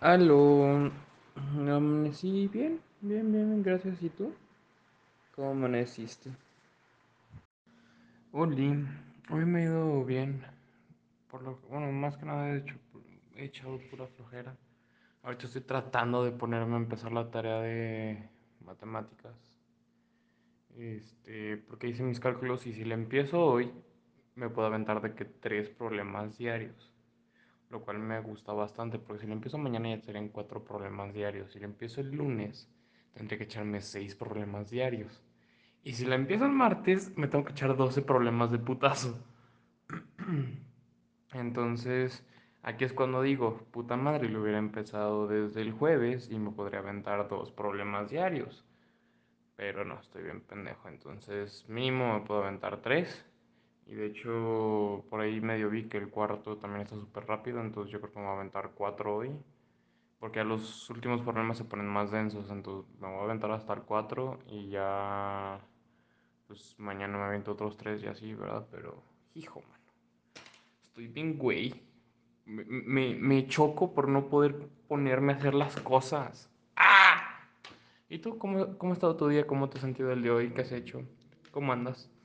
Aló. Mm, amanecí bien, bien, bien, gracias. ¿Y tú? ¿Cómo amaneciste? Hola. hoy me he ido bien. Por lo bueno, más que nada he, hecho, he echado pura flojera. Ahorita estoy tratando de ponerme a empezar la tarea de matemáticas. Este, porque hice mis cálculos y si le empiezo hoy, me puedo aventar de que tres problemas diarios lo cual me gusta bastante, porque si lo empiezo mañana ya serían cuatro problemas diarios. Si lo empiezo el lunes, tendré que echarme seis problemas diarios. Y si la empiezo el martes, me tengo que echar 12 problemas de putazo. Entonces, aquí es cuando digo, puta madre, lo hubiera empezado desde el jueves y me podría aventar dos problemas diarios. Pero no, estoy bien pendejo. Entonces, mínimo me puedo aventar tres. Y de hecho, por ahí medio vi que el cuarto también está súper rápido, entonces yo creo que me voy a aventar cuatro hoy. Porque ya los últimos problemas se ponen más densos, entonces me voy a aventar hasta el cuatro y ya. Pues mañana me avento otros tres y así, ¿verdad? Pero, hijo, mano. Estoy bien, güey. Me, me, choco por no poder ponerme a hacer las cosas. ¡Ah! ¿Y tú cómo, cómo ha estado tu día? ¿Cómo te has sentido el día de hoy? ¿Qué has hecho? ¿Cómo andas?